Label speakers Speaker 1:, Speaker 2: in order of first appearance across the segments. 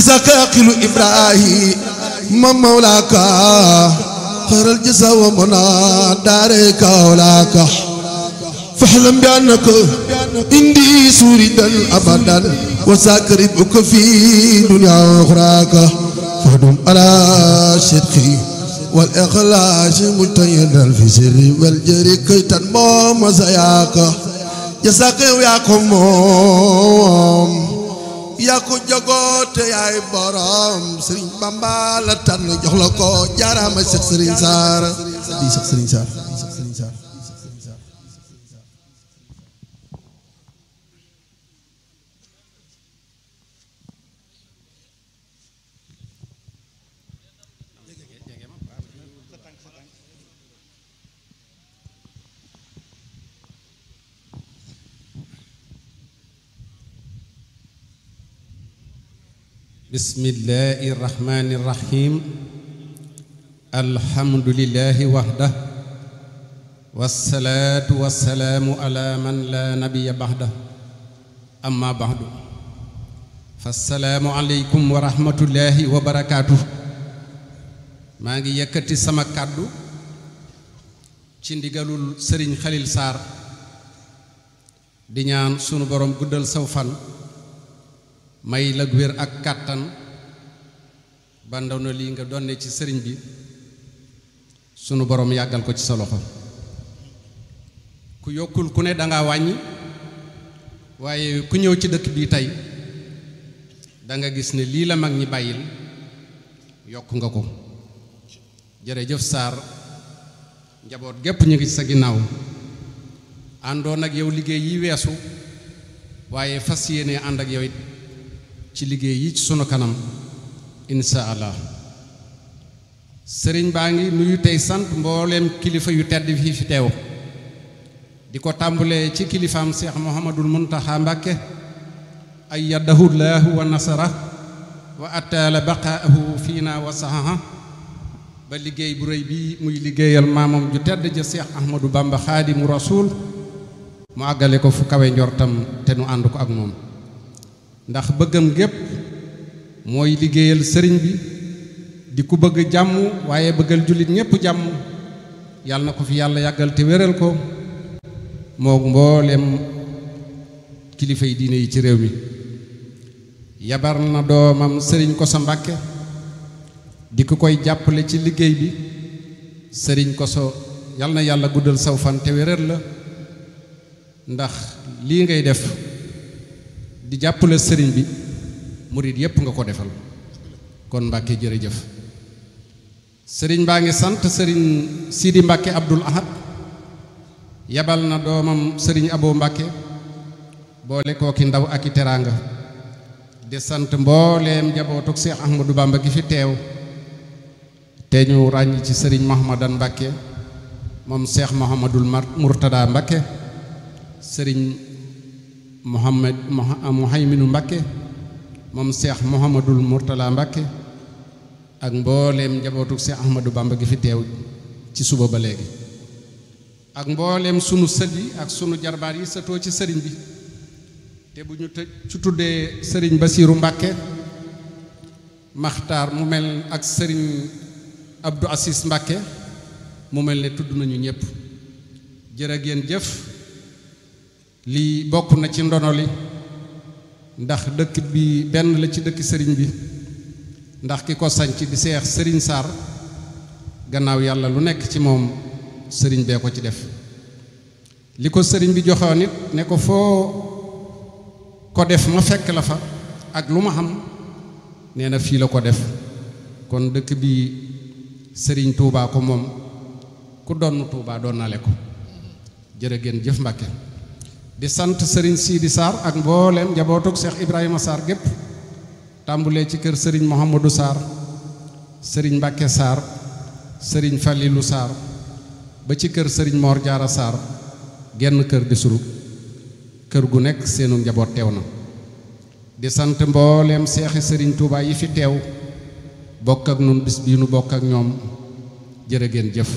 Speaker 1: جزاك أقل إبراهيم مولاك خير الجزاء ومنا دارك ولاك فاحلم بأنك عندي سوردا أبدا وساكربك في دنيا أخراك فهدم على شرقي والإخلاص مجتهدا في سري والجري كي تنمو مزاياك جزاك وياكم yaa ko jagoote yaay borom Serigne Bamba la tànn jox la ko jaaraama Cheikh Serigne Sarr di Cheikh Serigne Sarr بسم الله الرحمن الرحيم الحمد لله وحده والصلاة والسلام على من لا نبي بعده أما بعد فالسلام عليكم ورحمة الله وبركاته ما ngi يكتي sama kàddu تشندي قالوا sëriñ خليل سار di ñaan sunu borom سوفان may la wér ak kàttan ba na lii nga donne ci sëriñ bi sunu borom yàggal ko ci sa loxo ku yokkul ku ne danga wàññi waaye ku ñëw ci dëkk bii tey danga gis ne lii la mag ñi bàyyil yokk nga ko jërëjëf Sarr njaboot gépp ñu ngi sa ginnaaw àndoon ak yow liggéey yi weesu waaye fas yéene ànd ak yow ci liggéey yi ci sunu kanam insha sëriñ baa ngi nuyu sant mbooleem kilifa yu tedd fii teew di ko tàmbulee ci kilifaam seex muhammadul muntaxa mbàkke ay yaddahu laahu wa nasara wa attaala baqaahu fiina wa saxaha ba liggéey bu réy bi muy liggéeyal maamam ju tedd ja seex ahmadu bamba xaadimu rasuul mu àggale ko fu kawe njortam te nu ànd ko ak moom ndax bëggam gépp mooy liggéeyal sëriñ bi di ku bëgg jàmm waaye bëggal jullit ñépp jàmm yàlla na ko fi yàlla yàggal te wéral ko moo mboolem kilifa yi diine yi ci réew mi yabar na doomam sëriñ Kosso Mbàkke di ku koy jàppale ci liggéey bi sëriñ koso yàlla na yàlla guddal saw fan te wéral la ndax lii ngay def di jàppale sëriñ bi murit yépp nga ko defal kon Mbàkke jërëjëf sëriñ baa ngi sant sëriñ Sidi Mbàkke Abdul Ahad yabal na doomam sëriñ Abo Mbàkke boole kooki ndaw ak i teraanga di sant mbooleem jabootug Seex Ahmadu Bamba gi fi teew te ñu ràññ ci sëriñ Mahamadan Mbàkke moom Seex Mohamadul Murtada Mbàkke sëriñ Mouhamed Mouhayminu ah, Mbakke moom Cheikh Mouhamadul mortala Mbakke ak mbooleem njabootu Cheikh Ahmadou Bamba gi fi teew ci suba ba léegi ak mbooleem sunu sët yi ak sunu jarbaar yi sëtoo ci sëriñ bi te bu ñu tëj su tuddee sëriñ Basiiru Mbakke Maxtaar mu mel ak sëriñ Abdou Assis Mbakke mu mel ne tudd nañu ñëpp jërë ngeen jëf lii bokk na ci ndono li ndax dëkk bi benn la ci dëkk sëriñ bi ndax ki ko sanc bi seex sëriñ Sarr gannaaw yàlla lu nekk ci moom sëriñ bee ko ci def li ko sëriñ bi joxoon nit ne ko foo ko def ma fekk la fa ak lu ma xam nee na fii la ko def kon dëkk bi sëriñ Touba ko moom ku donn tuubaa doon nale ko jërë ngeen jëf Mbàkke di sant sëriñ Sidi Sarr ak mbooleem njabootug seex Ibrahima Sarr gépp tàmbulee ci kër sëriñ Mouhamadou Sarr sëriñ Mbacke Sarr sëriñ faliilu Sarr ba ci kër sëriñ Mor Diarra Sarr genn kër di suru kër gu nekk seenu njaboot teew na di sant mbooleem seexi sëriñ Touba yi fi teew bokk ak nun bis nu bokk ak ñoom jërë ngeen jëf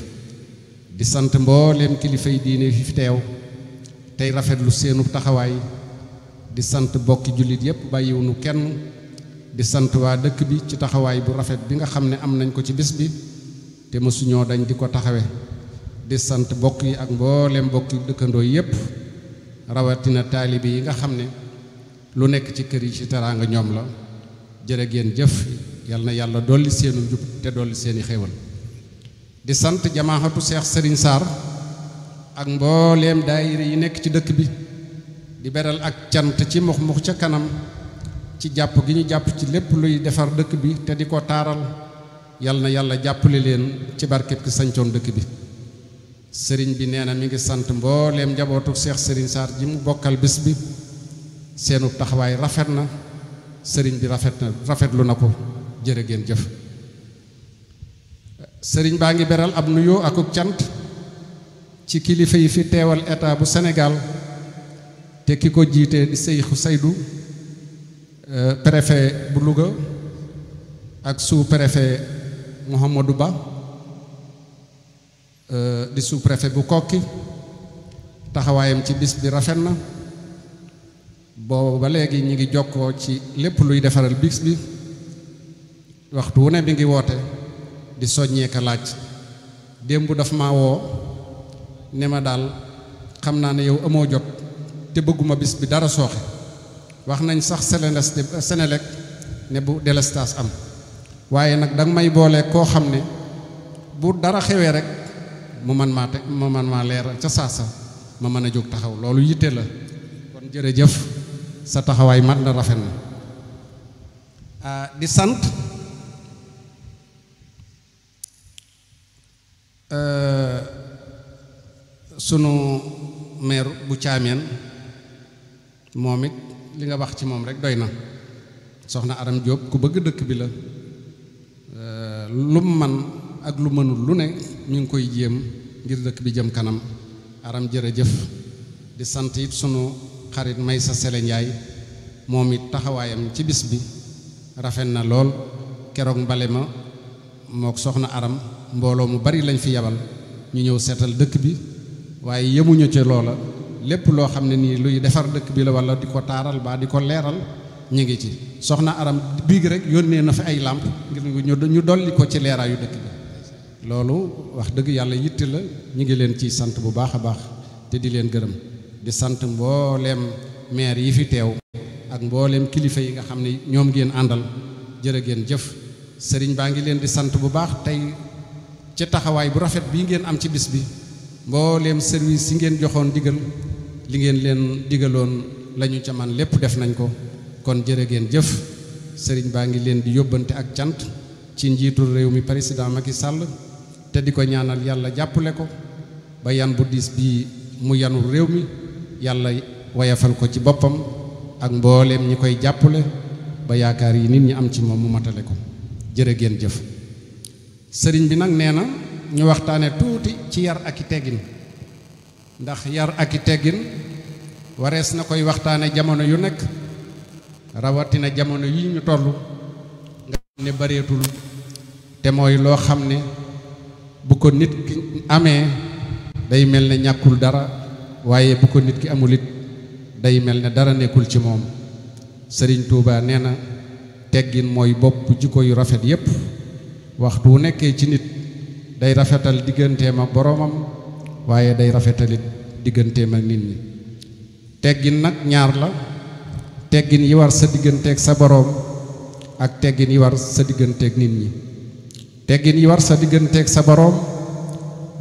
Speaker 1: di sant mbooleem kilifa yi diine yi fi teew tey rafetlu seenu taxawaay di sant bokki jullit yépp bàyyiwuñu kenn di sant waa dëkk bi ci taxawaay bu rafet bi nga xam ne am nañ ko ci bis bi te mësuñoo dañ di ko taxawe di sant bokk ak mbooleem bokki dëkkandoo yépp rawatina taalibe yi nga xam ne lu nekk ci kër yi ci teraanga ñoom la jërë ngeen jëf yal na yàlla dolli seenu njub te dolli seeni xéewal di sant jamaahatu Seex Sëriñ Saar ak mbooleem daayira yi nekk ci dëkk bi di beral ak cant ci mux mux ca kanam ci jàpp gi ñu jàpp ci lépp luy defar dëkk bi te di ko taaral yal na yàlla jàppale leen ci barkeb ki sancoon dëkk bi sëriñ bi nee na mu ngi sant mbooleem njabootu seex sëriñ Saar ji mu bokkal bis bi seenu taxawaay rafet na sëriñ bi rafet na rafetlu na ko jërë geen jëf sëriñ baa ngi beral ab nuyoo akuk cant ci kilifa yi fi teewal état bu senegaal te ki ko jiite di Seyxu Seydou euh, préfet bu Louga ak sous-préfet Mouhamadou Ba euh, di sous-préfet bu Kokki taxawaayam ci bis bi rafet na booba ba léegi ñu ngi jokkoo ci lépp luy defaral bis bi waxtu wu ne bi ngi woote di soññee ka laaj démb daf ma woo ne ma daal xam naa ne yow amoo jot te bëgguma bis bi dara sooxe wax nañ sax Sénélec Sénélec ne bu délestage am waaye nag danga may boole koo xam ne buur dara xewee rek mu man maa te mu man maa leeral ca sa ma mën a jóg taxaw loolu yitte la kon jërëjëf sa taxawaay mat na rafet na ah, di sant euh, sunu maire bu caameen moom it li nga wax ci moom rek doy na soxna Aram Diop ku bëgg dëkk bi la euh, lu man ak lu mënul lu ne ñu ngi koy jéem ngir dëkk bi jëm kanam aram jërëjëf di sant it sunu xarit may sa sele njaay moom it taxawaayam ci bis bi rafet na lool keroog mbali ma mook soxna aram mbooloo mu bari lañ fi yabal ñu ñëw seetal dëkk bi waaye yemuñu ci loola lépp loo xam ne nii luy defar dëkk bi la wala di ko taaral baa di ko leeral ngi ci soxna aram biig rek yónnee na fa ay lamp ngir ñu dolli ko ci leeraayu dëkk bi loolu wax dëgg yàlla yitte la ñi ngi leen ci sant bu baax a baax te di leen gërëm di sant mbooleem maire yi fi teew ak mbooleem kilifa yi nga xam ne ñoom ngeen àndal jërë jëf sëriñ baa ngi leen di sant bu baax tey ci taxawaay bu rafet bi ngeen am ci bis bi mbooleem service yi ngeen joxoon digal li ngeen leen digaloon lañu ca man lépp def nañ ko kon jër ngeen jëf sëriñ baa ngi leen di yóbbante ak cant ci njiitul réew mi président Macky Sall te di ko ñaanal yàlla jàppale ko ba yan bu diis bii mu yanul réew mi yàlla wayafal ko ci boppam ak mbooleem ñi koy jàppale ba yaakaar yi nit ñi am ci moom mu matale ko jërë ngeen jëf sëriñ bi nag nee na ñu waxtaane tuuti ci yar ak i teggin ndax yar ak i teggin warees na koy waxtaane jamono yu nekk rawatina jamono yi ñu toll nga xam ne bareetul te mooy loo xam ne bu ko nit ki amee day mel ne ñàkkul dara waaye bu ko nit ki amul it day mel ne dara nekkul ci moom sëriñ tuubaa nee na teggin mooy bopp jikko yu rafet yépp waxtu wu nekkee ci nit day rafetal digganteem ak boroomam waaye day rafetalit digganteem ak nit ñi teggin nag ñaar la teggin yi war sa digganteeg sa boroom ak teggin yi war sa digganteeg nit ñi teggin yi war sa digganteeg sa boroom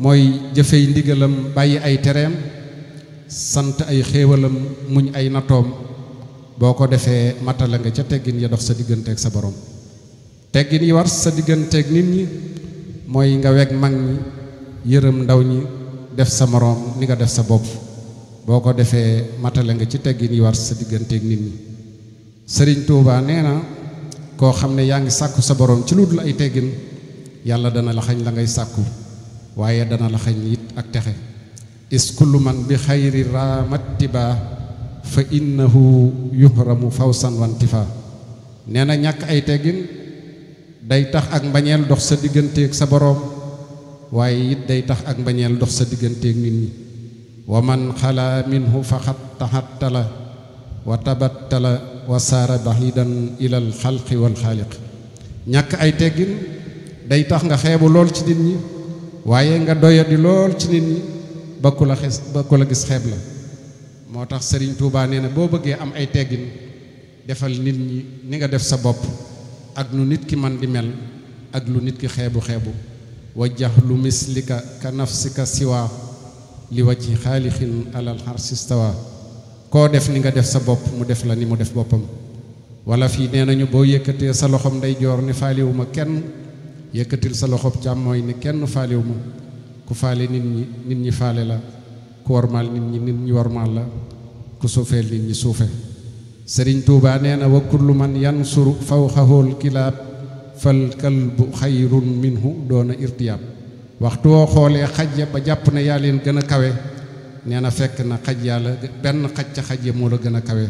Speaker 1: mooy jëfey ndigalam bàyyi ay tereem sant ay xéewalam muñ ay natoom boo ko defee matala nga ca teggin ya dox sa digganteek sa boroom teggin yi war sa digganteeg nit ñi mooy nga weg mag ñi yërëm ndaw ñi def sa moroom ni nga def sa bopp boo ko defee matale nga ci teggin yi war sa digganteeg nit ñi sëriñ Touba nee na koo xam ne yaa ngi sàkku sa boroom ci lu dul ay teggin yàlla dana la xañ la ngay sàkku waaye dana la xañ it ak texe is kullu man bi xayri ramattiba fa innahu yuhramu fawsan wantifa nee na ñàkk ay teggin day tax ak mbañeel dox sa digganteeg sa boroom waaye it day tax ak mbañeel dox sa digganteeg nit ñi wa man xala minhu faqad tahattala wa tabattala wa saara bahidan ilal xalqi wal xaaliq ñàkk ay teggin day tax nga xeebu lool ci nit ñi waaye nga doyadi lool ci nit ñi ba ku la gis xeeb la moo tax Sëriñ Tuubaa na boo bëggee am ay teggin defal nit ñi ni nga def sa bopp ak nu nit ki man di mel ak lu nit ki xebu xebu wa jaxlu mislika ka nafsika siwa li wajhi khaliqin ala al xarsi istawa ko def ni nga def sa bop mu def la ni mu def bopam wala fi nee bo yekete sa loxom day jor ni faliwuma ma kenn yëkkatil sa cham moy ni kenn faliwuma ku fali nit ñi nit ñi faale la ku warmaal nit ñi nit ñi warmaal la ku sofel nit ñi sofel sëriñ tuuba nee na wa kullu man yansuru fawxahool kilaab fal kalbu xayrun minhu doona irtiyaab waxtu xoolee xaj ya ba jàpp na yaa leen gën a kawe nee na fekk na xaj yàlla benn xaj ca xaj ya moo la gën a kawe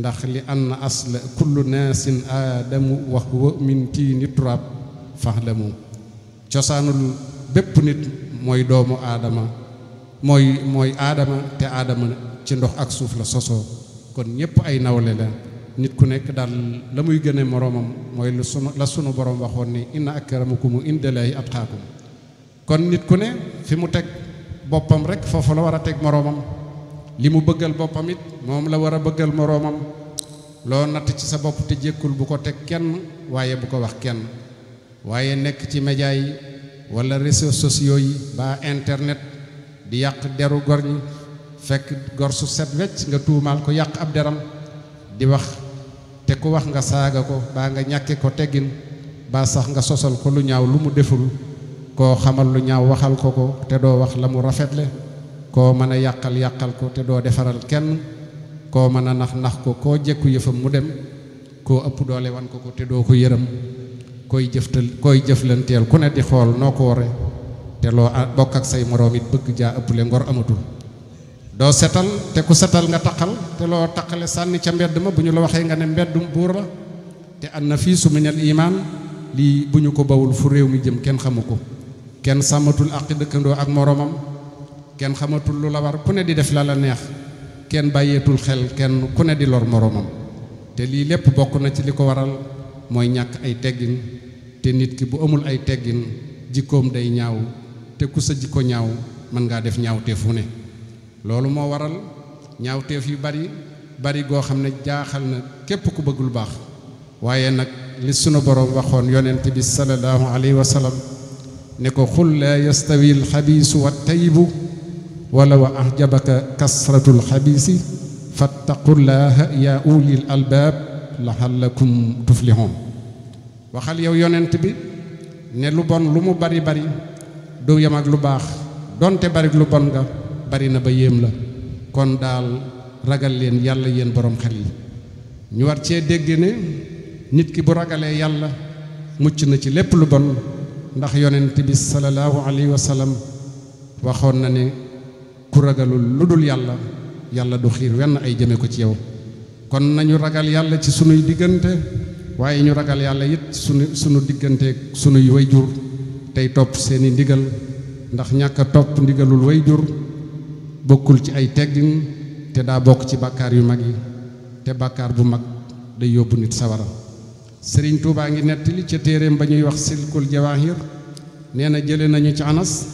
Speaker 1: ndax li ann asla kullu naasin aadamu wax wa min tiini turaab faxlamu cosaanul bépp nit mooy doomu aadama mooy mooy aadama te aadama ci ndox ak suuf la sosoo kon ñëpp ay nawle la nit ku nekk daal la muy gëne moroomam mooy lu sunu la sunu borom waxoon ni inna akramakum indallaahi atqaakum kon nit ku ne fi mu teg boppam rek foofu la war a teg moroomam li mu bëggal boppam it moom la war a bëggal moroomam loo natt ci sa bopp te jékkul bu ko teg kenn waaye bu ko wax kenn waaye nekk ci média yi wala réseaux sociaux yi ba internet di yàq deru gor ñi fekk gor su set wecc nga tuumaal ko yàq ab deram di wax te ku wax nga saaga ko baa nga ñàkke ko teggin ba sax nga sosal ko lu ñaaw lu mu deful koo xamal lu ñaaw waxal ko ko te doo wax la mu rafetle koo mën a yàqal yàqal ko te doo defaral kenn koo mën a nax nax ko koo jekku yëfam mu dem koo ëpp doole wan ko ko te doo ko yërëm koy jëftal koy jëflanteel ku ne di xool noo ko te loo bokk ak say moroom it bëgg jaa ëpple ngor amatul doo setal te ku setal nga taqal te loo taqale sànni ca mbedd ma bu ñu la waxee nga ne mbeddum buur la te an na fii al iman lii bu ñu ko bawul fu réew mi jëm kenn xamu ko kenn sàmmatul àqi dëkkandoo ak moroomam kenn xamatul lu la war ku ne di def la la neex kenn bàyyeetul xel kenn ku ne di lor moroomam te lii lépp bokk na ci li ko waral mooy ñàkk ay teggin te nit ki bu amul ay teggin jikkoom day ñaaw te ku sa jikko ñaaw mën ngaa def ñaaw te ne loolu mo waral ñaawteef yu bari bari go xamne jaaxal na kep ku bëggul bax waye nak li sunu borom waxoon yonent bi sallallahu alayhi wa sallam ne ko khul la yastawi khabis wa tayibu wala wa ahjabaka kasratu khabis fattaqullaha ya ulil albaab laxallakum tuflihun waxal yow yonent bi ne lu bon lu mu bari bari do yam ak lu bax donte bari lu bon nga bari na ba yéem la kon daal ragal leen yàlla yéen borom xel yi ñu war cee dégg ne nit ki bu ragalee yàlla mucc na ci lépp lu bon ndax yonent bi sallallahu alayhi wa waxoon na ne ku ragalul lu dul yàlla yàlla du xiir wenn ay jëme ko ci yow kon nañu ragal yàlla ci sunuy diggante waaye ñu ragal yàlla it sunu sunu diggante sunuy way jur tey topp seeni ndigal ndax ñàkk topp ndigalul way jur bokul ci ay teggin te da bok ci bakar yu magi te bakar bu mag day yóbbu nit sawara serigne touba ngi netti ci terem bañuy wax silkul jawahir neena jele nañu ci anas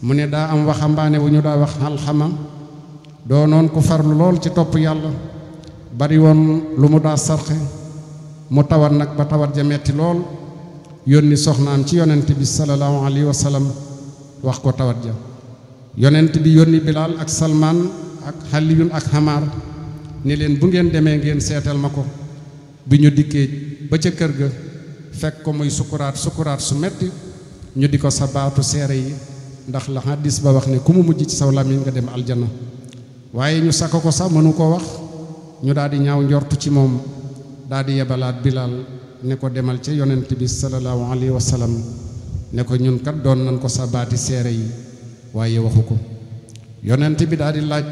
Speaker 1: mu ne am waxambaane wu ñu da wax kufar non ku farlu lol ci top yalla bari won lu mu da sarxe mu tawar nak ba tawar ja metti lol soxnaam ci yonent bi sallallahu alaihi wasallam wax ko tawar yonent bi yoni bilal ak salman ak xaliyun ak hamar ne len bu ngeen deme ngeen setal mako bi ñu dikke ba ca kër ga fek ko muy sukurat sukurat su metti ñu diko sabatu sere yi ndax la hadis ba wax ne kumu mujj ci saw làmmiñ nga dem aljana waye ñu sakko ko sa mënu ko wax ñu daal ñaaw njortu ci mom daal di bilal ne ko demal ci yonent bi sallallahu alaihi wasallam ne ko ñun kat doon nañ ko sabati sere yi waye waxuko yonent bi daal di laaj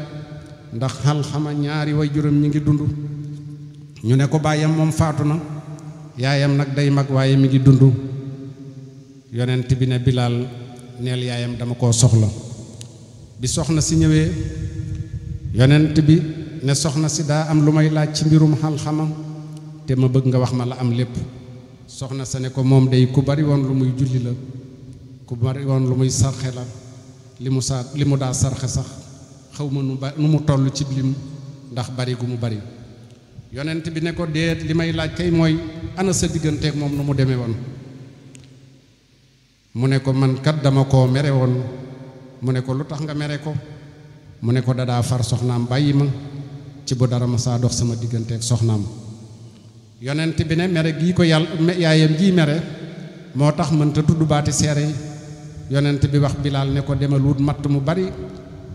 Speaker 1: ndax xal xama ñaari way jurum ñi ngi dundu ñu ne ko bayam mom fatuna yaayam nak day mag waye mi ngi dundu yonent bi ne bilal neel yaayam dama ko soxla bi soxna si ñewé yonent bi ne soxna si da am lumay laaj ci mbirum xal-xama te ma bëgg nga wax ma la am lepp soxna sa ko mom day ku bari won lu muy julli la ku bari won lu muy li mu saa li mu daa sarxe sax xaw ma nu mu toll ci lim ndax bari gu mu bari yonent bi ne ko déet li may laaj kay mooy ana sa digganteeg moom nu mu demee woon mu ne ko man kat dama ko mere woon mu ne ko lu tax nga mere ko mu ne ko dadaa far soxnaam bàyyi ma ci bu dara ma saa dox sama digganteeg soxnaam yonent bi ne mere gii ko yàlla yaayam jii mere moo tax mënta tudd baati seere yonent bi wax bilaal ne ko demal wut matt mu bari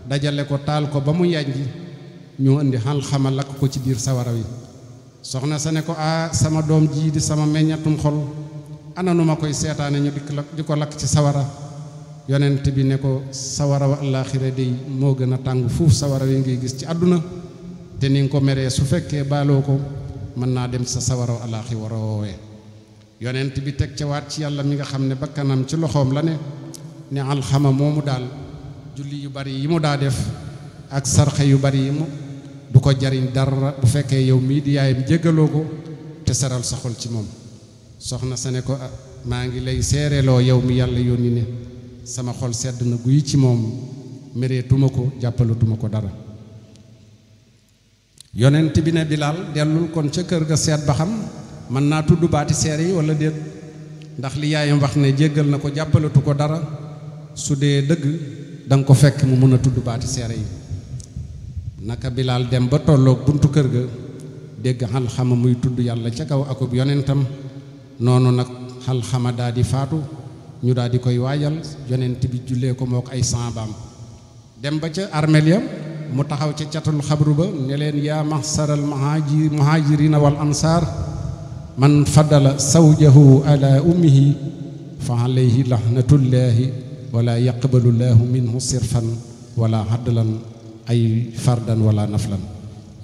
Speaker 1: dajale ko taal ko ba yànji ñu indi xal xama lakk ko ci biir sawara wi soxna sa ne ko a sama doom jii di sama meññatum xol ana nu ma koy seetaane ñu di ko lakk ci sawara yonent bi ne ko sawara wa àllaaxira dey moo gën a tàng fuuf sawara wi ngay gis ci àdduna te ni ko meree su fekkee baaloo ko mën dem sa sawara wa àllaaxi wara yonent bi teg ca waat ci yàlla mi nga xam bakkanam ci loxoom la ne ne alxama moomu daal julli yu bari yi mu daa def ak sarxe yu bari yi mu du ko jariñ dara bu fekkee yow mii di yaayam jéggaloo ko te seral sa xol ci moom soxna sa ne ko ah, maa ngi lay seereloo yow mi yàlla yónni ne sama xol sedd na guy ci moom mereetuma ko jàppalatuma ko dara yonent bi ne bilaal dellul kon ca kër ga seet ba xam mën naa tudd baati seere yi wala déet ndax li yaayam wax ne jéggal na ko jàppalatu ko dara su dee dëgg da ko fekk mu mën a tudd baati seere yi naka bilaal dem ba tolloog buntu kër ga dégg xalxama muy tudd yàlla ca kaw akub yonentam noonu nag xalxama daa di faatu ñu daal di koy waajal yonent bi jullee ko mook ay saabaam dem ba ca armeel ya mu taxaw ca catul xabru ba ne leen yaa mahsaral muhaajir muhaajirina wal ansaar man faddala sawjahu ala ummihi fa alayhi lahnatullaahi wala yaqbalu llaahu minhu sirfan wala hadlan ay fardan wala naflan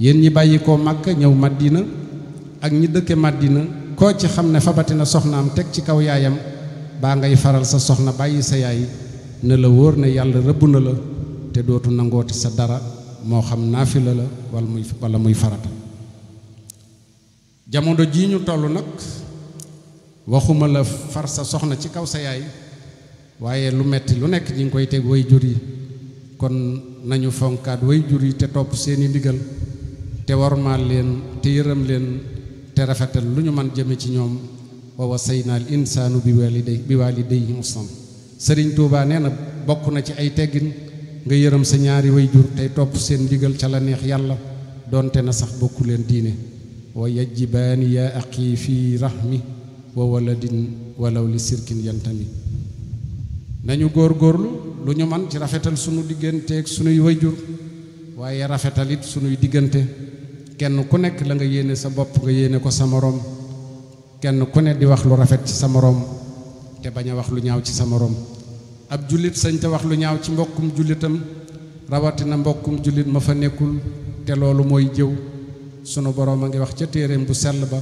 Speaker 1: yéen ñi bàyyi koo màkk ñëw màddina ak ñi dëkke màddina koo ci xam ne fabatina soxnaam teg ci kaw yaayam baa ngay faral sa soxna bàyyi sa yaay ne la wóor ne yàlla rëbb na la te dootu nangooti sa dara moo xam naafila la wala muy muy farata jamono ji ñu toll nag waxuma la far sa soxna ci kaw sa yaay waaye lu metti lu nekk ñi ngi koy teg way jur yi kon nañu fonkaat way jur yi te topp seeni ndigal te warmaal leen te yërëm leen te rafetal lu ñu mën jëme ci ñoom wa wasayna al insaanu bi waliday bi walidayhi ihsan sëriñ Tuubaa nee na bokk na ci ay teggin nga yërëm sa ñaari way jur tey topp seen ndigal ca la neex yàlla donte na sax bokku leen diine wa yajibaani yaa aqi fi rahmi wa waladin walaw li sirkin yantami nañu góor góorgóorlu lu ñu man ci rafetal sunu digganteeg sunuy wayjur waaye rafetal it sunuy diggante kenn ku nekk la nga yéene sa bopp nga yéene ko sa moroom kenn ku ne di wax lu rafet ci sa moroom te bañ a wax lu ñaaw ci sa moroom ab jullit sañ te wax lu ñaaw ci mbokkum jullitam rawatina mbokkum jullit ma fa nekkul te loolu mooy jëw sunu boroom a ngi wax ca téereem bu sell ba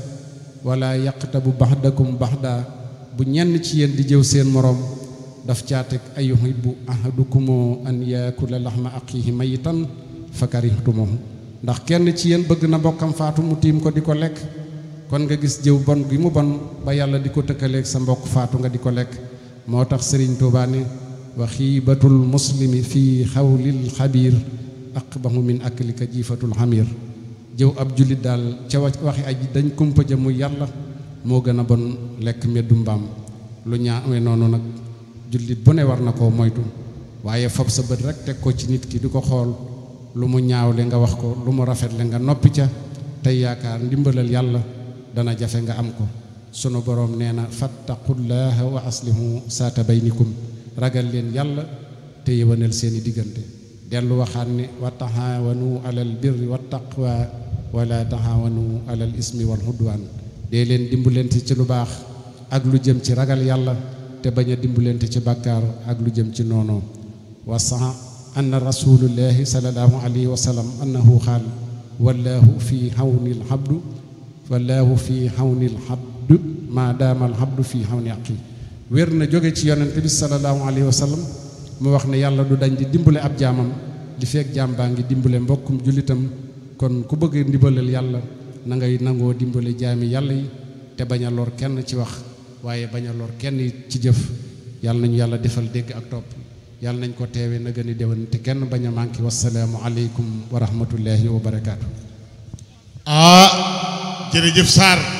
Speaker 1: wala yaqtabu baxdakum baxda bu ñenn ci yéen di jëw seen moroom daf caa teg ay hibbu ahadukum an yaakula lahma aqihi mayitan fakarihtum ndax kenn ci yeen bëgg na bokkam faatu mu tim ko di lek Kongegis kon nga gis jëw bon gi mu bon ba yalla di tekkale sa mbokk faatu nga di lek motax serigne touba wa khibatul muslimi fi khawlil khabir aqbahu min aklika fatul hamir. jëw ab julit dal ci waxi aji dañ kumpa ja yalla mo gëna bon lek meddu mbam lu nonu nak julit bu ne war na koo moytu waaye fob sa bët rek teg ko ci nit ki di ko xool lu mu ñaawle nga wax ko lu mu rafetle nga noppi ca tey yaakaar ndimbalal yàlla dana jafe nga am ko sunu borom nee fattaqullaha wa aslihu saata baynikum ragal leen yàlla te yëwanal seeni diggante dellu waxaat ne wa tahawanu alal birri wa taqwa la tahawanu alal ismi wal hudwan dee leen dimbalante ci lu baax ak lu jëm ci ragal yàlla te bañ a dimbalante ci bàkkaar ak lu jëm ci noonu wa saa anna sa sallallahu alayhi wa sallam annahu xaal wallahu fi hawni l abdu wallahu fi hawni l abdu maa daama al abdu fi hawni aqi wér na jóge ci yonente bi sallallahu alayhi wa sallam mu wax ne yàlla du dañ di dimbale ab jaamam li feek jaam baa ngi dimbale mbokkum jullitam kon ku bëgg ndimbalal yàlla nangay nangoo dimbale jaami yàlla yi te bañ a lor kenn ci wax waaye bañ a lor kenn ci jëf yàlla nañu yàlla defal dégg ak topp yàlla nañ ko teewee na gën a déwén te kenn bañ a manqué wasalaamu aleykum wa rahmatullahi wa barakaatu. ah jërëjëf Sarr.